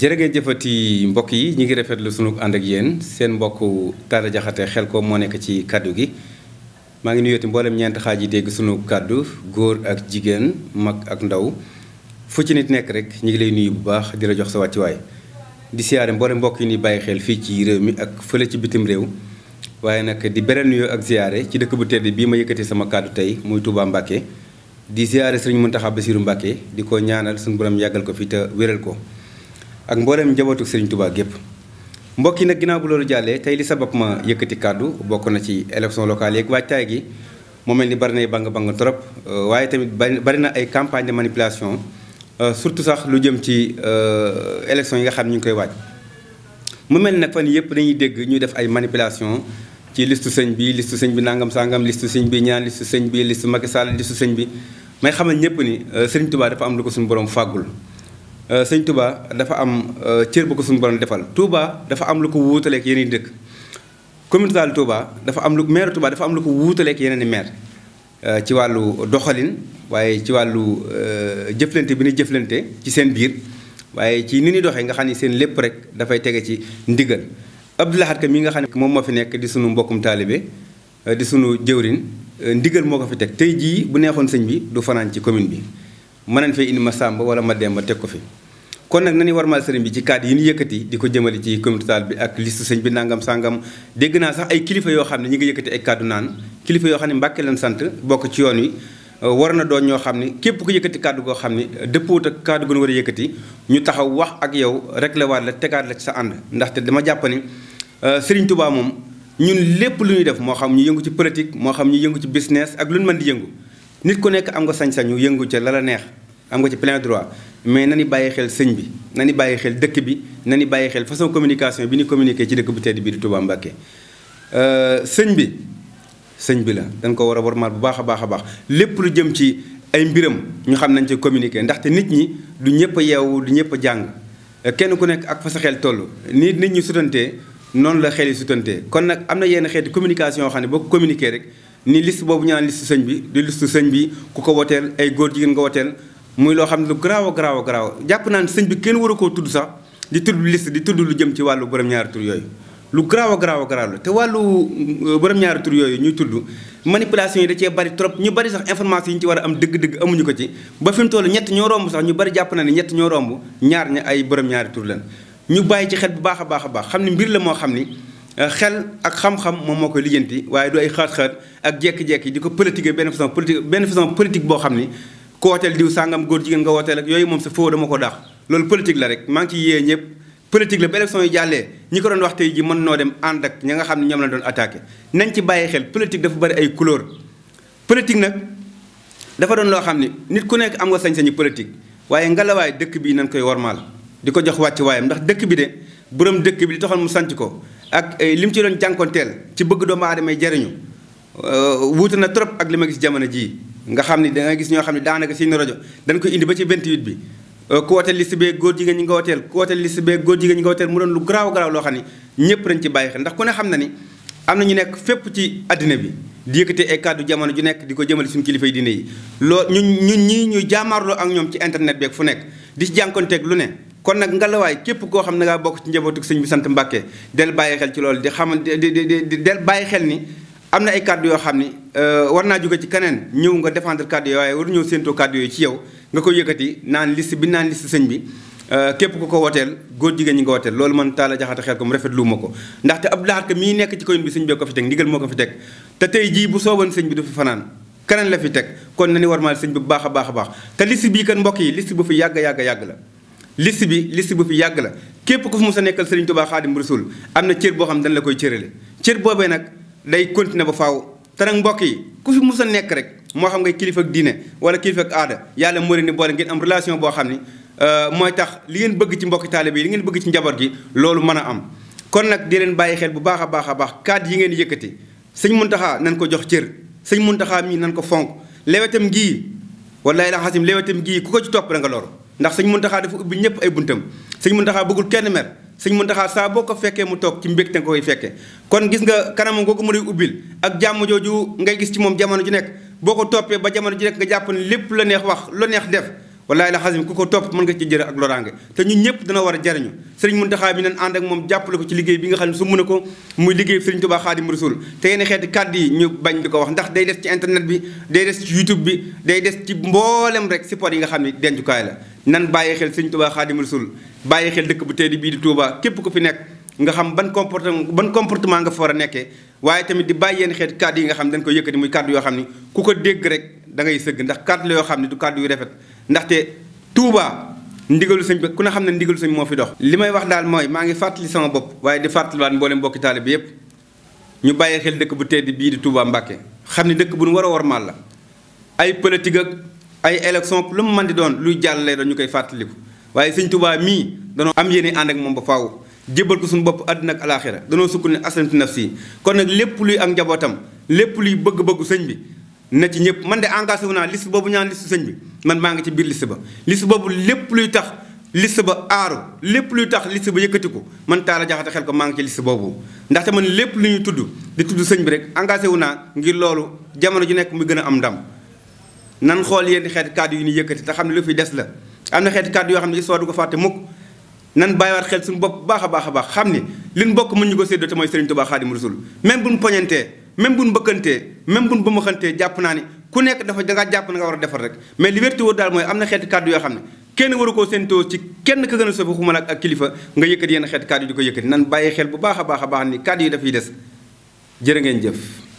jërë ngeen jëfati mbokk yi ñu ngi rafetlu sunu ànd ak yéen seen mbokk Talla Diakhaté xel ko moo nekk ci kàddu gi maa ngi nuyooti mboolem ñeent xaaj yi dégg sunu kàddu góor ak jigéen mag ak ndaw fu ci nit nekk rek ñu ngi lay nuyu bu baax di la jox sa wàccuwaay di siyaare mboolem mbokk yi ni bàyyi xel fii ci réew mi ak fële ci bitim réew waaye nag di beral nuyoo ak siyaare ci dëkk bu tedd bii ma yëkkati sama kàddu tey muy Touba Mbacké di siyaare Sëriñ Mountakha Bassirou Mbacké di ko ñaanal suñu borom yàggal ko fi te wéral ko ak mbooleem njabootu Serigne Touba gépp mbokk yi nag ginaaw bu loolu jàllee tey li sabab ma yëkkati kàddu bokk na ci élection locale yeeg waajtaay gi moo mel ni bari nay bang bang trop euh, waaye tamit bari na ay campagne de manipulation euh, surtout sax lu jëm ci euh, élection yi nga xam ñu ngi koy waaj mu mel nag fan yëpp dañuy dégg ñuy def ay manipulation ci listu sëñ bi listu sëñ bi nangam sangam listu sëñ bi ñaan listu sëñ bi listu Macky Sall listu sëñ bi may xamal ñëpp ni Serigne Touba am lu ko suñu borom fàggul Euh, sëñ tubaa dafa am euh, cër bu ko suñu borom defal Touba dafa am lu ko wuutaleeg yeneen dëkk commune Sall Touba am lu maire Touba dafa am lu ko wuutaleeg yeneen i maire euh, ci wàllu doxalin waaye ci wàllu jëflante bi ni jëflante ci seen biir waaye ci ni ñuy doxee nga xam ni seen lépp rek dafay tege ci ndigal Abdou Lahad mi nga xam ne moom moo fi nekk di suñu mbokkum taalibe di sunu jëwrin ndigal moo ko fi teg tey jii bu neexoon sëñ bi du fanaan ci commune bi mën nañ fee indi ma Samba wala ma Demba teg ko fi kon nag war warmal sëriñ bi ci cadre yi ñu yëkkati di ko jëmale ci communauté rurale bi ak liste sëñ bi nangam sangam dégg naa sax ay kilifa yoo xam ne ñi ngi yëkkati ay kàddu naan kilifa yoo xam ne mbàkke leen sant bokk ci yoon wi euh, war na doon ñoo xam ne képp ku yëkkati kàddu goo xam ne dëppoowut ak kàddu gu ñu war a yëkkati ñu taxaw wax ak yow rek la waat la tegaat la ci sa ànd ndaxte dama jàpp ni euh, sëriñ Tuubaa moom ñun lépp lu ñuy def moo xam ñu yëngu ci politique moo xam ñu yëngu ci business ak lu ñu mën di yëngu nit ku nekk am nga sañ-sañu yëngu ca la la neex am nga ci plein droit mais na ni bàyyi xel sëñ bi na ni bàyyi xel dëkk bi na ni bàyyi xel façon communication bi ni communiqué ci dëkk bu tedd bii di Touba Mbacké euh, sëñ bi sëñ bi la dañ ko war a war warmaal bu baax a baax a baax lépp lu jëm ci ay mbiram ñu xam nañ ci communiqué ndaxte nit ñi du ñëpp a yeewu du ñëpp jàng kenn ku nekk ak fa sa xel toll ni nit ñi sutantee noonu la xel yi sutantee kon nag am na yenn xeeti communication yoo xam ne boo ko communiqué rek ni liste boobu ñu naan liste sëñ bi di sëñ bi ku ko woteel ay góor jigéen nga muy loo xam ne lu garaaw garaaw garaaw jàpp naa ne sëñ bi kenn war a koo tudd sax di tudd liste di tudd lu jëm ci wàllu borom ñaari tur yooyu lu garaaw garaaw garaaw la te wàllu euh, borom ñaari tur yooyu ñuy tudd manipulation yi da cee bari trop ñu bari sax information yi ñu ci war a am dëgg-dëgg amuñu ko ci ba fi mu toll ñett ñoo romb sax ñu bari jàpp na ne ñett ñoo romb ñaar ña ay borom ñaari tur lan ñu bàyyi ci xel bu baax a baax a baax xam ne mbir la moo xam ni euh, xel ak xam-xam moom moo koy lijjanti waaye du ay ak jekki-jekki di ko politique benn façon politique benn façon politique boo xam ni ku wooteel diw sàngam góor jigéen nga wooteel ak yooyu moom sa foo dama ko daax loolu politique la rek maa ngi ci yee ñëpp politique la ba élection yi jàllee ñi ko doon wax tey ji mën noo dem ànd ak ñi nga xam ne ñoom la doon attaqué nañ ci bàyyi xel politique dafa bari ay couleur politique nag dafa doon loo xam ne nit ku nekk am nga sañ-sañu politique waaye ngelawaay dëkk bi nañ koy wormaal di ko jox wàcc waayam ndax dëkk bi de borom dëkk bi li taxoon mu sanc ko ak eh, li mu ci doon jànkonteel ci bëgg doomu aadama jariñu eh, wuute na trop ak li ma gis jamono jii nga xam ni da nga gis ñoo xam ne daanaka seen rajo dañ ko indi ba ci 28 bi euh, ku woteel liste góor jigéen ñi nga woteel ku woteel liste bee góor jigéen ñi nga woteel mu doon lu garaaw garaaw loo xam ne ñëpp dañ ci bàyyi xel ndax ku ne xam na ni am na ñu nekk fépp ci àddina bi di yëkkate ay kàddu jamono ju nekk di ko jëmale suñu kilifa yi diine yi loo ñun ñun ñii ñuy jaamaarloo ak ñoom ci internet beeg fu nekk di ci jànkonteeg lu ne kon nag ngalawaay képp koo xam ne ngaa bokk ci njabootu sëñ bi sant Mbàkke del bàyyi xel ci loolu di xam di di bàyyi xel ni am na ay yoo xam ni Euh, war naa jóge ci keneen ñëw nga défendre kàddu yooyu waaye war ñëw séentoo kàddu yooyu ci yow nga ko yëkkati naan liste bi naan liste sëñ bi euh, képp ku ko woteel góor jigéen ñu nga woteel loolu man taal a jaxata xel ko mu rafetlu ma ko ndaxte Abdoulahat Ka mii nekk ci commune bi sëñ bee ko fi teg ndigal moo ko fi teg te tey jii bu sooboon sëñ bi du fi fanaan keneen la fi teg kon na ni warmaal sëñ bi bu baax a baax a baax te liste bii kan mbokk yi list bu fi yàgg yàgg yàgg la liste bi liste bu fi yàgg képp ku fi mos a nekkal sëriñ Tuubaa Xaadim Rasuul am na cër boo xam ne dañ la koy cërale cër boobee nag day continuer ba faaw te nag mbokk yi ku fi mus a nekk rek moo xam ngay kilifa ak diine wala kilifa ak aada yàlla moo leen ni boole ngeen am relation boo xam ni euh, mooy tax li ngeen bëgg ci mbokki taalibe yi li ngeen bëgg ci njaboot gi loolu mën a am. kon nag di leen bàyyi xel bu baax a baax a baax kaat yi ngeen yëkkati sëñ Muntaxa nañ ko jox cër sëñ Muntaxa mii nañ ko fonk lewetam gii wallaay la xasim lewetam gii ku ko ci topp da nga loru ndax sëñ Muntaxa dafa ubbi ñëpp ay buntam sëñ Muntaxa bëggul kenn mer sëñ Muntaxa saa boo ko fekkee mu toog ci mbégte nga koy fekkee kon gis nga kanam googu mu lay ubbil ak jàmm jooju ngay gis ci moom jamono ji nekk boo ko toppee ba jamono ji nekk nga jàpp ne lépp la neex wax lu neex def wallaahi la xasim ku ko topp mën nga ci jëre ak loraange te ñun ñëpp dana war a jariñu sëriñ Muntaxa bi nañ ànd ak moom jàppale ko ci liggéey bi nga xam ne su mën a ko muy liggéey sëriñ Tuubaa Xaadimu Rasuul te yenn xeeti kàddu yi ñu bañ di ko wax ndax day des ci internet bi day des ci youtube bi day des ci mboolem rek support yi nga xam ne dencukaay la nan bàyyi xel sëriñ Tuubaa Xaadimu Rasuul bàyyi xel dëkk bu tedd bii di Tuubaa képp ku fi nekk nga xam ban comportement ban comportement nga fa a nekkee waaye tamit di bàyyi xeet kàddu yi nga xam ne dañ ko yëkkati muy kàddu yoo xam ni ku ko dégg rek da ngay sëgg ndax la yoo xam ne du kàddu yu rafet ndaxte Touba ndigalu sëñ bi ku ne xam ne ndigalu sëñ moo fi dox. li may wax daal mooy maa ngi fàttali sama bopp waaye di fàttaliwaat mboolem mbokki taalibe bi yëpp ñu bàyyi xel dëkk bu tedd bii di Touba Mbacké xam ne dëkk bu nu war a wormaal la ay politique ak ay élection lu mu man di doon luy jàll lay doon ñu koy fàttaliku waaye sëñ Touba mii danoo am yéene ànd ak moom ba faaw. jébbal ko suñu bopp àddina ak alaaxira danoo sukk ni aslamtu nafsi kon nag lépp luy ak njabootam lépp luy bëgg sëñ bi na ci ñëpp man de engagé wu naa liste boobu ñaan liste sëñ bi man maa ngi ci biir liste ba liste boobu lépp luy tax liste ba aaru lépp luy tax liste ba yëkkati ko man a Diakhaté xel ko maa ngi ci liste boobu ndaxte man lépp lu ñuy tudd di tudd sëñ bi rek engagé wu naa ngir loolu jamono ji nekk muy gën a am ndam nan xool yenn xeeti kàddu yi ñu yëkkati te xam ne lu fi des la am na xeeti kàddu yoo xam ne soo du ko fàtte mukk nan bàyyiwaat xel suñu bopp baax a baax a baax xam ne liñ bokk mu ñu ko séddoo te mooy Serigne Touba Khadim Rasoul même buñ poñantee même buñ bëkkantee même buñ bëmaxantee jàpp naa ni ku nekk dafa da ngaa jàpp na nga war a defar rek mais li wérti daal mooy am na xeeti kàddu yoo xam ne kenn waru koo séentoo ci kenn ka gën a sobi xuma ak kilifa nga yëkkati yenn xeeti kàddu yi di ko yëkkati nan bàyyi xel bu baax a baax a baax ni kàddu yi dafay des jërë ngeen jëf